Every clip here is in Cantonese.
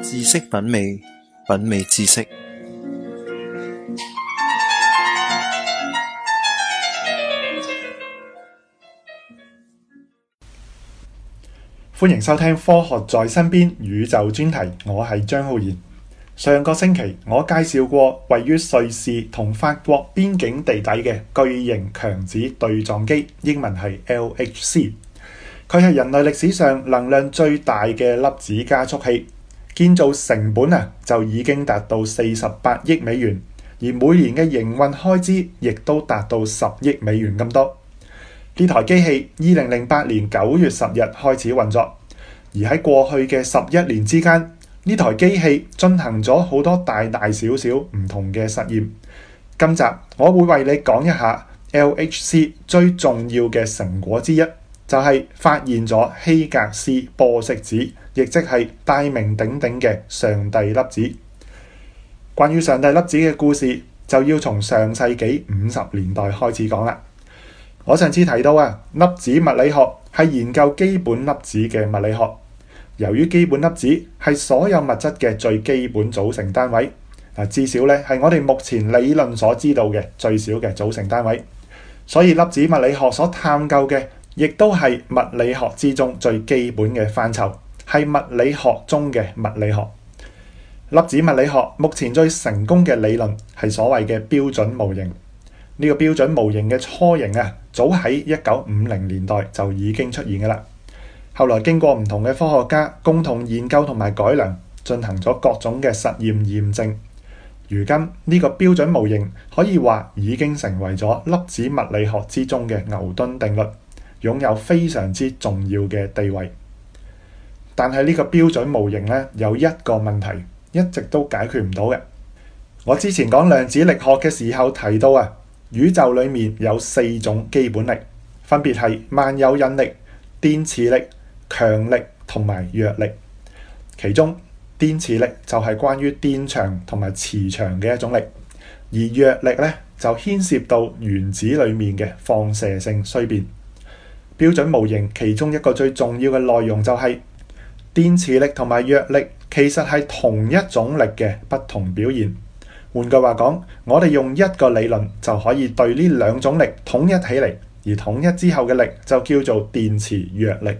知識品味，品味知識。歡迎收聽《科學在身邊》宇宙專題，我係張浩然。上個星期我介紹過位於瑞士同法國邊境地底嘅巨型強子對撞機，英文係 LHC。佢係人類歷史上能量最大嘅粒子加速器，建造成本啊就已經達到四十八億美元，而每年嘅營運開支亦都達到十億美元咁多。呢台機器二零零八年九月十日開始運作，而喺過去嘅十一年之間，呢台機器進行咗好多大大小小唔同嘅實驗。今集我會為你講一下 LHC 最重要嘅成果之一。就係發現咗希格斯玻色子，亦即係大名鼎鼎嘅上帝粒子。關於上帝粒子嘅故事就要從上世紀五十年代開始講啦。我上次提到啊，粒子物理學係研究基本粒子嘅物理學。由於基本粒子係所有物質嘅最基本組成單位，嗱，至少咧係我哋目前理論所知道嘅最少嘅組成單位，所以粒子物理學所探究嘅。亦都係物理學之中最基本嘅範疇，係物理學中嘅物理學。粒子物理學目前最成功嘅理論係所謂嘅標準模型。呢個標準模型嘅雛形啊，早喺一九五零年代就已經出現㗎喇。後來經過唔同嘅科學家共同研究同埋改良，進行咗各種嘅實驗驗證。如今呢個標準模型可以話已經成為咗粒子物理學之中嘅牛頓定律。擁有非常之重要嘅地位，但係呢個標準模型咧有一個問題，一直都解決唔到嘅。我之前講量子力學嘅時候提到啊，宇宙裏面有四種基本力，分別係萬有引力、電磁力、強力同埋弱力。其中電磁力就係關於電場同埋磁場嘅一種力，而弱力咧就牽涉到原子裏面嘅放射性衰變。標準模型其中一個最重要嘅內容就係、是、電磁力同埋弱力其實係同一種力嘅不同表現。換句話講，我哋用一個理論就可以對呢兩種力統一起嚟，而統一之後嘅力就叫做電磁弱力。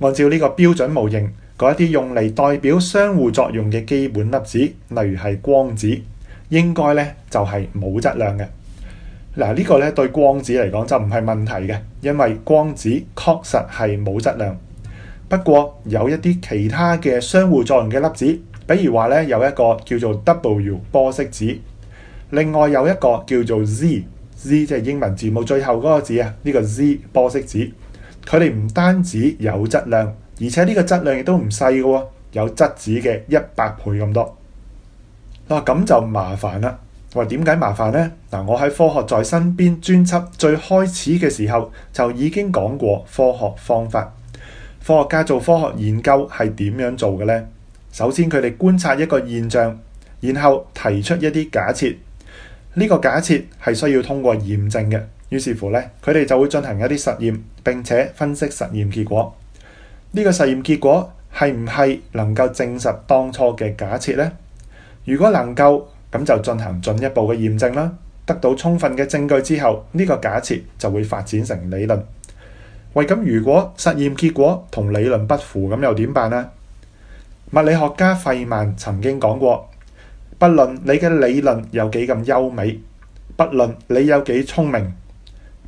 按照呢個標準模型，嗰一啲用嚟代表相互作用嘅基本粒子，例如係光子，應該咧就係冇質量嘅。嗱，呢個咧對光子嚟講就唔係問題嘅，因為光子確實係冇質量。不過有一啲其他嘅相互作用嘅粒子，比如話咧有一個叫做 W 玻色子，另外有一個叫做 Z，Z 即係英文字母最後嗰個字啊，呢、這個 Z 玻色子，佢哋唔單止有質量，而且呢個質量亦都唔細嘅喎，有質子嘅一百倍咁多。嗱、啊，咁就麻煩啦。話點解麻煩呢？嗱，我喺《科學在身邊》專輯最開始嘅時候就已經講過科學方法。科學家做科學研究係點樣做嘅呢？首先佢哋觀察一個現象，然後提出一啲假設。呢個假設係需要通過驗證嘅。於是乎咧，佢哋就會進行一啲實驗，並且分析實驗結果。呢個實驗結果係唔係能夠證實當初嘅假設呢？如果能夠咁就進行進一步嘅驗證啦，得到充分嘅證據之後，呢個假設就會發展成理論。喂，咁，如果實驗結果同理論不符，咁又點辦呢？物理學家費曼曾經講過：不論你嘅理論有幾咁優美，不論你有幾聰明，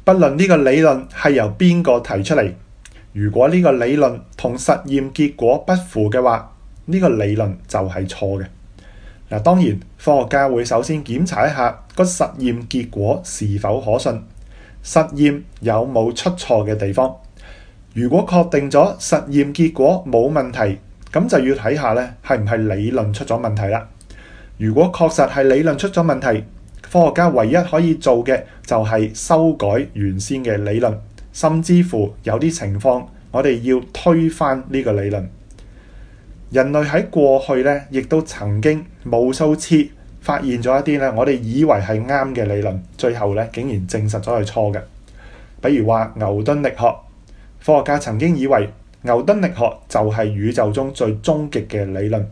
不論呢個理論係由邊個提出嚟，如果呢個理論同實驗結果不符嘅話，呢個理論就係錯嘅。嗱，當然，科學家會首先檢查一下個實驗結果是否可信，實驗有冇出錯嘅地方。如果確定咗實驗結果冇問題，咁就要睇下咧係唔係理論出咗問題啦。如果確實係理論出咗問題，科學家唯一可以做嘅就係修改原先嘅理論，甚至乎有啲情況，我哋要推翻呢個理論。人類喺過去咧，亦都曾經無數次發現咗一啲咧，我哋以為係啱嘅理論，最後咧竟然證實咗係錯嘅。比如話牛頓力學，科學家曾經以為牛頓力學就係宇宙中最終極嘅理論，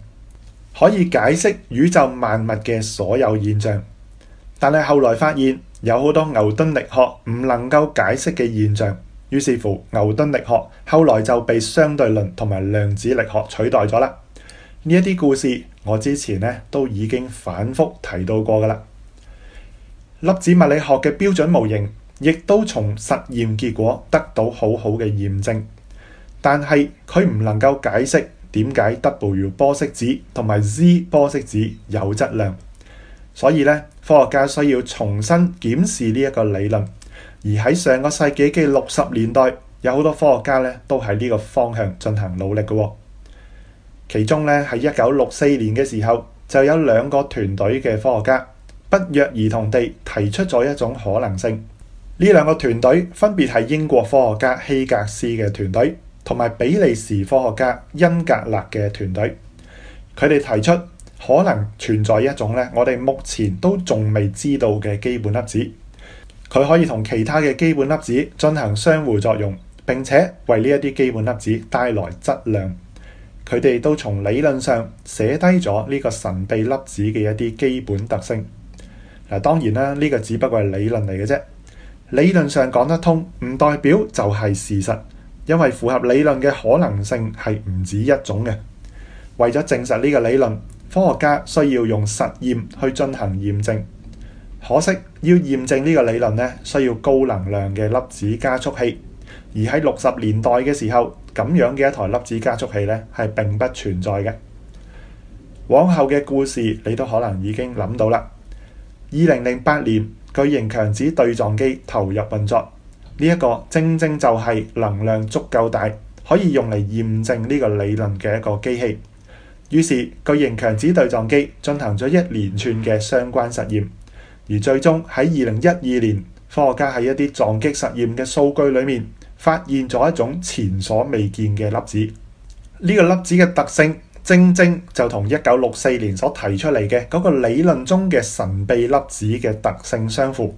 可以解釋宇宙萬物嘅所有現象。但係後來發現有好多牛頓力學唔能夠解釋嘅現象。於是乎，牛頓力學後來就被相對論同埋量子力學取代咗啦。呢一啲故事，我之前咧都已經反覆提到過噶啦。粒子物理學嘅標準模型，亦都從實驗結果得到好好嘅驗證，但係佢唔能夠解釋點解 W 玻色子同埋 Z 玻色子有質量。所以咧，科學家需要重新檢視呢一個理論。而喺上個世紀嘅六十年代，有好多科學家咧都喺呢個方向進行努力嘅，哦。其中咧喺一九六四年嘅時候，就有兩個團隊嘅科學家不約而同地提出咗一種可能性。呢兩個團隊分別係英國科學家希格斯嘅團隊，同埋比利時科學家恩格勒嘅團隊。佢哋提出可能存在一種咧，我哋目前都仲未知道嘅基本粒子。佢可以同其他嘅基本粒子進行相互作用，並且為呢一啲基本粒子帶來質量。佢哋都從理論上寫低咗呢個神秘粒子嘅一啲基本特性。嗱，當然啦，呢個只不過係理論嚟嘅啫。理論上講得通，唔代表就係事實，因為符合理論嘅可能性係唔止一種嘅。為咗證實呢個理論，科學家需要用實驗去進行驗證。可惜要驗證呢個理論呢，需要高能量嘅粒子加速器。而喺六十年代嘅時候，咁樣嘅一台粒子加速器呢係並不存在嘅。往後嘅故事你都可能已經諗到啦。二零零八年，巨型強子對撞機投入運作，呢一個正正就係能量足夠大，可以用嚟驗證呢個理論嘅一個機器。於是巨型強子對撞機進行咗一連串嘅相關實驗。而最終喺二零一二年，科學家喺一啲撞擊實驗嘅數據裏面，發現咗一種前所未見嘅粒子。呢個粒子嘅特性，正正就同一九六四年所提出嚟嘅嗰個理論中嘅神秘粒子嘅特性相符。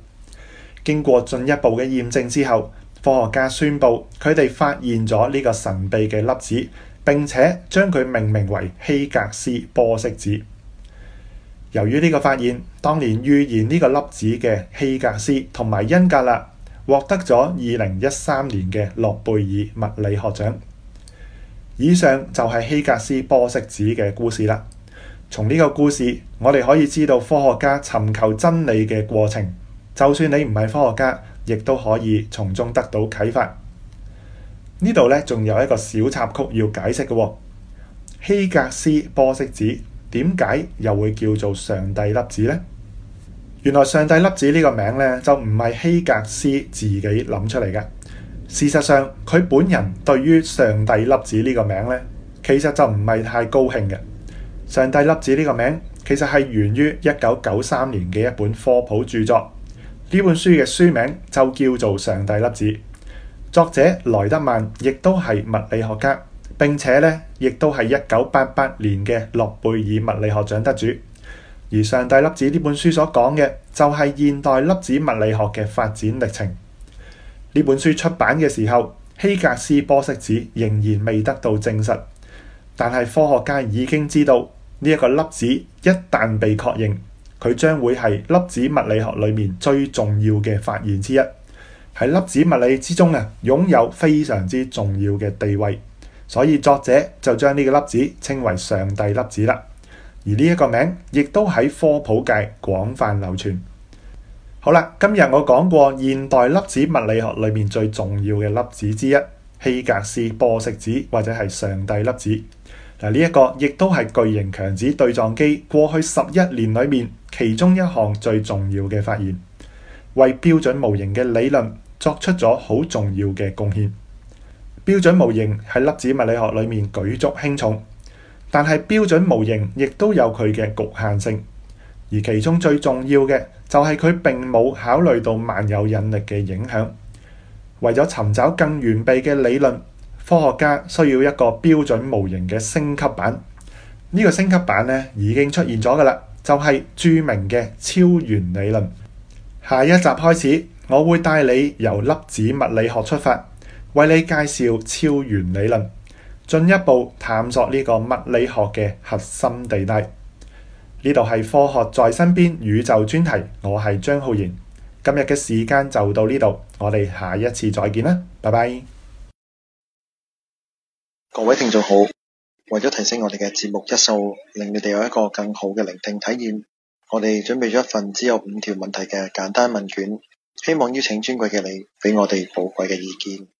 經過進一步嘅驗證之後，科學家宣布佢哋發現咗呢個神秘嘅粒子，並且將佢命名為希格斯玻色子。由於呢個發現，當年預言呢個粒子嘅希格斯同埋恩格勒獲得咗二零一三年嘅諾貝爾物理學獎。以上就係希格斯玻色子嘅故事啦。從呢個故事，我哋可以知道科學家尋求真理嘅過程。就算你唔係科學家，亦都可以從中得到啟發。呢度呢，仲有一個小插曲要解釋嘅，哦。希格斯玻色子，點解又會叫做上帝粒子呢？原來上帝粒子呢個名咧，就唔係希格斯自己諗出嚟嘅。事實上，佢本人對於上帝粒子呢個名咧，其實就唔係太高興嘅。上帝粒子呢個名其實係源於一九九三年嘅一本科普著作，呢本書嘅書名就叫做《上帝粒子》，作者萊德曼亦都係物理學家。並且咧，亦都係一九八八年嘅諾貝爾物理學獎得主。而《上帝粒子》呢本書所講嘅就係、是、現代粒子物理學嘅發展歷程。呢本書出版嘅時候，希格斯玻色子仍然未得到證實，但係科學家已經知道呢一、這個粒子一旦被確認，佢將會係粒子物理學裏面最重要嘅發現之一，喺粒子物理之中啊，擁有非常之重要嘅地位。所以作者就將呢個粒子稱為上帝粒子啦，而呢一個名亦都喺科普界廣泛流傳。好啦，今日我講過現代粒子物理學裏面最重要嘅粒子之一——希格斯玻色子或者係上帝粒子。嗱，呢一個亦都係巨型強子對撞機過去十一年裏面其中一項最重要嘅發現，為標準模型嘅理論作出咗好重要嘅貢獻。標準模型喺粒子物理學裏面舉足輕重。但係標準模型亦都有佢嘅局限性。而其中最重要嘅就係佢並冇考慮到萬有引力嘅影響。為咗尋找更完備嘅理論，科學家需要一個標準模型嘅升級版。呢個升級版咧已經出現咗㗎喇，就係著名嘅超弦理論。下一集開始，我會帶你由粒子物理學出發。為你介紹超弦理論，進一步探索呢個物理學嘅核心地帶。呢度係科學在身邊宇宙專題，我係張浩然。今日嘅時間就到呢度，我哋下一次再見啦，拜拜！各位聽眾好，為咗提升我哋嘅節目質素，令你哋有一個更好嘅聆聽體驗，我哋準備咗一份只有五條問題嘅簡單問卷，希望邀請尊貴嘅你俾我哋寶貴嘅意見。